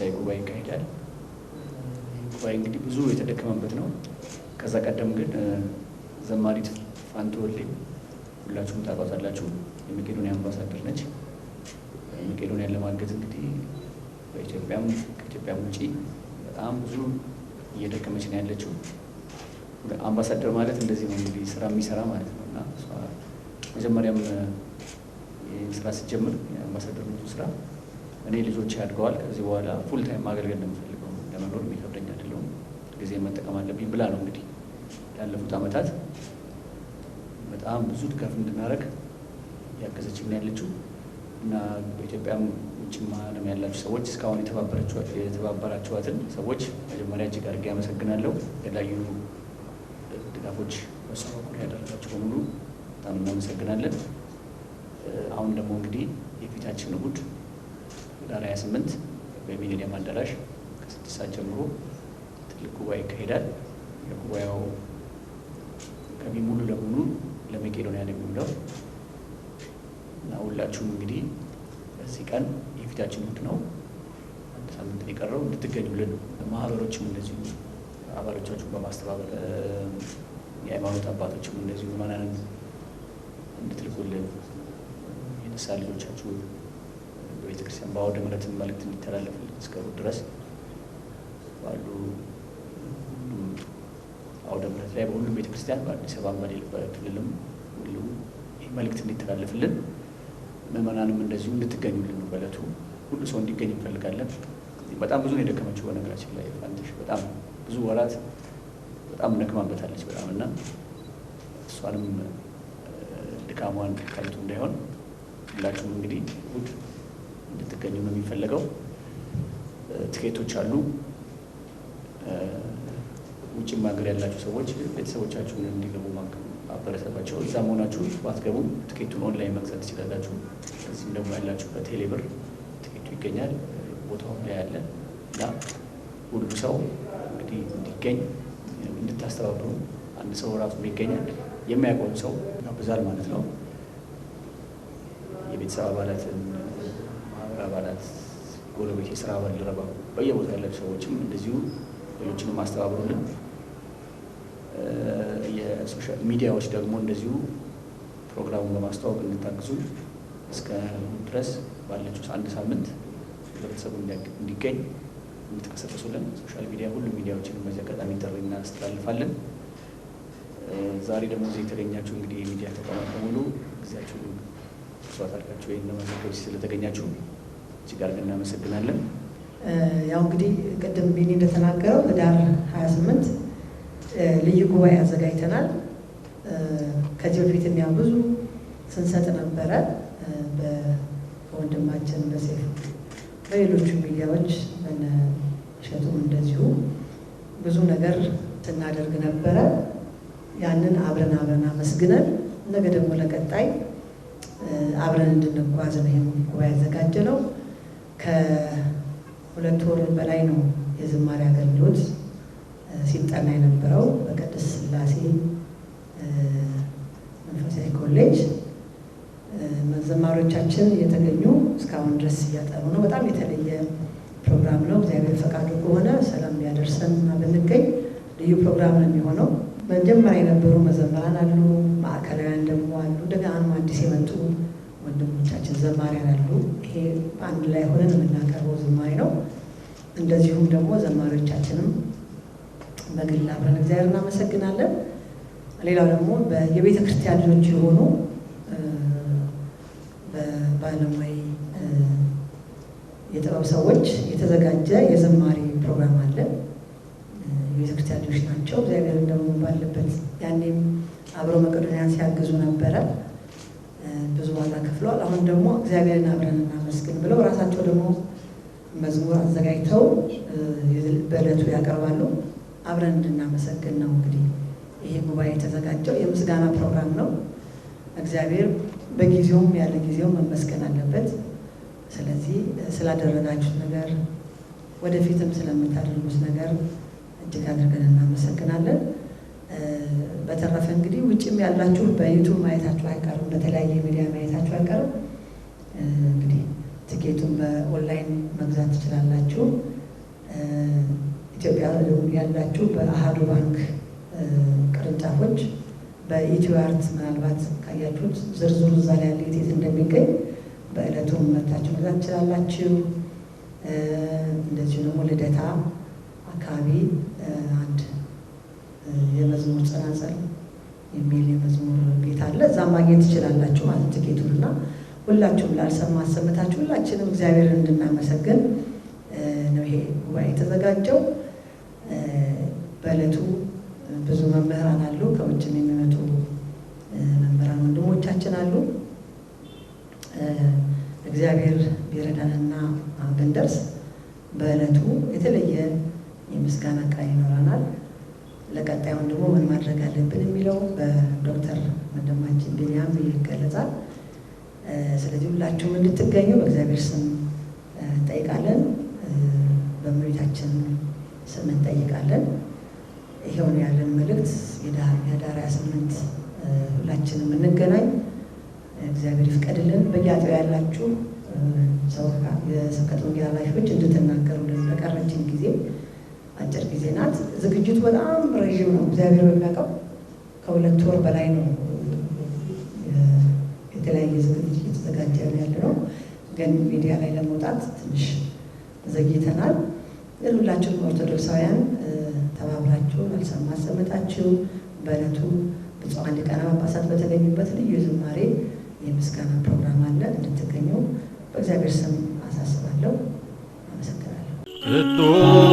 መንፈሳዊ ጉባኤ ይካሄዳል። ጉባኤ እንግዲህ ብዙ የተደከመበት ነው። ከዛ ቀደም ግን ዘማሪት ፋንቱ ሁላችሁም ታውቋታላችሁ። የመቄዶኒያ አምባሳደር ነች። መቄዶኒያን ለማገዝ እንግዲህ በኢትዮጵያም ከኢትዮጵያም ውጪ በጣም ብዙ እየደከመች ነው ያለችው። አምባሳደር ማለት እንደዚህ ነው እንግዲህ ስራ የሚሰራ ማለት ነው እና መጀመሪያም ስራ ስጀምር የአምባሳደር ስራ እኔ ልጆች ያድገዋል። ከዚህ በኋላ ፉል ታይም ማገልገል ለምፈልገው ለመኖር የሚከብደኝ አይደለሁም። ጊዜ መጠቀም አለብኝ ብላ ነው እንግዲህ ያለፉት አመታት በጣም ብዙ ድጋፍ እንድናደርግ ምን ያለችው እና በኢትዮጵያም ውጭ ዓለም ያላችሁ ሰዎች እስካሁን የተባበራችኋትን ሰዎች መጀመሪያ እጅግ አድርጌ አመሰግናለሁ። የተለያዩ ድጋፎች በሷ ያደረጋችሁ በሙሉ በጣም እናመሰግናለን። አሁን ደግሞ እንግዲህ የፊታችን እሑድ ህዳር 28 በሚሊኒየም አዳራሽ ከስድስት ሰዓት ጀምሮ ትልቅ ጉባኤ ይካሄዳል። የጉባኤው ገቢ ሙሉ ለሙሉ ለመቄዶንያ ነው የሚውለው እና ሁላችሁም እንግዲህ በዚህ ቀን የፊታችን እሑድ ነው፣ አንድ ሳምንት የቀረው እንድትገኙልን ማህበሮችም እንደዚሁ አባሎቻችሁን በማስተባበር የሃይማኖት አባቶችም እንደዚሁ ምዕመናንን እንድትልኩልን የንስሐ ልጆቻችሁ ቤተክርስቲያን በአውደ ምረት መልእክት የሚተላለፍ እስከሩ ድረስ ባሉ አውደ ምረት ላይ በሁሉም ቤተክርስቲያን በአዲስ አበባ በሌል በክልልም ሁሉ ይህ መልእክት እንዲተላለፍልን ምእመናንም እንደዚሁ እንድትገኙልን በለቱ ሁሉ ሰው እንዲገኝ እንፈልጋለን። በጣም ብዙ ነው የደከመችው። በነገራችን ላይ ፋንተሽ በጣም ብዙ ወራት በጣም ደክማበታለች በጣም እና እሷንም ድካሟን ከልቱ እንዳይሆን ሁላችሁም እንግዲህ እሑድ እንድትገኙ ነው የሚፈለገው። ትኬቶች አሉ። ውጭም ሀገር ያላችሁ ሰዎች ቤተሰቦቻችሁን እንዲገቡ ማበረሰባቸው እዛ መሆናችሁ ባትገቡ ትኬቱን ኦንላይን መግዛት ትችላላችሁ። እዚህም ደግሞ ያላችሁ በቴሌ ብር ትኬቱ ይገኛል። ቦታውም ላይ ያለ እና ሁሉ ሰው እንግዲህ እንዲገኝ እንድታስተባብሩ አንድ ሰው ራሱ ይገኛል የሚያውቀውን ሰው ብዛል ማለት ነው የቤተሰብ አባላትን አባላት፣ ጎረቤት፣ የስራ ባልደረባ፣ በየቦታ ያለ ሰዎችም እንደዚሁ ሌሎችንም ማስተባበሩልን የሶሻል ሚዲያዎች ደግሞ እንደዚሁ ፕሮግራሙን በማስተዋወቅ እንድታግዙ እስከ ድረስ ባለችው አንድ ሳምንት ህብረተሰቡ እንዲገኝ እንድትቀሰቅሱልን ሶሻል ሚዲያ ሁሉ ሚዲያዎችን በዚህ አጋጣሚ ጥሪ እናስተላልፋለን። ዛሬ ደግሞ እዚህ የተገኛችሁ እንግዲህ የሚዲያ ተቋማት በሙሉ ጊዜያችሁ ስዋት አድርጋችሁ ወይም ለማዘጋጅ ስለተገኛችሁ እጅግ አድርገን እናመሰግናለን። ያው እንግዲህ ቅድም ቢኒ እንደተናገረው ህዳር 28 ልዩ ጉባኤ አዘጋጅተናል። ከዚህ በፊት ያው ብዙ ስንሰጥ ነበረ በወንድማችን በሴፍ በሌሎቹ ሚዲያዎች እሸቱም እንደዚሁ ብዙ ነገር ስናደርግ ነበረ። ያንን አብረን አብረን አመስግነን ነገ ደግሞ ለቀጣይ አብረን እንድንጓዝ ነው ይህን ጉባኤ ያዘጋጀ ነው። ከሁለት ወር በላይ ነው የዝማሬ አገልግሎት ሲጠና የነበረው በቅድስት ስላሴ መንፈሳዊ ኮሌጅ መዘማሪዎቻችን እየተገኙ እስካሁን ድረስ እያጠኑ ነው። በጣም የተለየ ፕሮግራም ነው። እግዚአብሔር ፈቃዱ ከሆነ ሰላም ሊያደርሰን እና ብንገኝ ልዩ ፕሮግራም ነው የሚሆነው። መጀመሪያ የነበሩ መዘምራን አሉ፣ ማዕከላውያን ደግሞ አሉ፣ እንደገና አዲስ የመጡ ወንድሞቻችን ዘማሪያን አሉ። ይሄ አንድ ላይ ሆነን የምናቀርበው ዝማሬ ነው። እንደዚሁም ደግሞ ዘማሪዎቻችንም በግል አብረን እግዚአብሔር እናመሰግናለን። ሌላው ደግሞ የቤተ ክርስቲያን ልጆች የሆኑ በባለሙያ የጥበብ ሰዎች የተዘጋጀ የዘማሪ ፕሮግራም አለ። የቤተ ክርስቲያን ልጆች ናቸው። እግዚአብሔር እንደሞ ባለበት ያኔም አብረው መቄዶንያን ሲያግዙ ነበረ። ብዙ ዋጋ ከፍለዋል። አሁን ደግሞ እግዚአብሔርን አብረን እናመስግን ብለው ራሳቸው ደግሞ መዝሙር አዘጋጅተው በእለቱ ያቀርባሉ። አብረን እንድናመሰግን ነው እንግዲህ ይሄ ጉባኤ የተዘጋጀው የምስጋና ፕሮግራም ነው። እግዚአብሔር በጊዜውም ያለ ጊዜው መመስገን አለበት። ስለዚህ ስላደረጋችሁት ነገር ወደፊትም ስለምታደርጉት ነገር እጅግ አድርገን እናመሰግናለን። በተረፈ እንግዲህ ውጭም ያላችሁ በዩቱብ ማየታችሁ አይቀርም፣ በተለያየ ሚዲያ ማየታችሁ አይቀርም። እንግዲህ ትኬቱን በኦንላይን መግዛት ትችላላችሁ። ኢትዮጵያ ያላችሁ በአሃዱ ባንክ ቅርንጫፎች በኢትዮ አርት ምናልባት ካያችሁት ዝርዝሩ እዛ ላይ ያለ የት እንደሚገኝ በእለቱ መታችሁ መግዛት ትችላላችሁ። እንደዚሁ ደግሞ ልደታ አካባቢ የመዝሙር ጸናጸል የሚል የመዝሙር ቤት አለ። እዛ ማግኘት ትችላላችሁ ማለት ትኬቱን እና ሁላችሁም ላልሰማ አሰምታችሁ ሁላችንም እግዚአብሔርን እንድናመሰግን ነው ይሄ ጉባኤ የተዘጋጀው። በእለቱ ብዙ መምህራን አሉ፣ ከውጭም የሚመጡ መምህራን ወንድሞቻችን አሉ። እግዚአብሔር ቢረዳንና ብንደርስ በእለቱ የተለየ የምስጋና ቃል ይኖረናል። ለቀጣዩን ደግሞ ምን ማድረግ አለብን የሚለው በዶክተር ወንድማችን ቢኒያም ይገለጻል። ስለዚህ ሁላችሁም እንድትገኙ በእግዚአብሔር ስም እንጠይቃለን፣ በእመቤታችን ስም እንጠይቃለን። ይሄውን ያለን መልእክት። የህዳር 28 ሁላችንም እንገናኝ፣ እግዚአብሔር ይፍቀድልን። በየአጥቢያው ያላችሁ ሰው የስብከት ወንጌል ኃላፊዎች እንድትናገሩልን በቀረችን ጊዜ አጭር ጊዜ ናት። ዝግጅቱ በጣም ረዥም ነው። እግዚአብሔር በሚያውቀው ከሁለት ወር በላይ ነው የተለያየ ዝግጅት እየተዘጋጀ ያለ ነው። ግን ሚዲያ ላይ ለመውጣት ትንሽ ዘግይተናል። ግን ሁላችሁም ኦርቶዶክሳውያን ተባብራችሁ መልሰን ማሰመጣችሁ በእለቱ ብፁዓን ሊቃነ ጳጳሳት በተገኙበት ልዩ ዝማሬ የምስጋና ፕሮግራም አለ። እንድትገኙ በእግዚአብሔር ስም አሳስባለሁ። አመሰግናለሁ።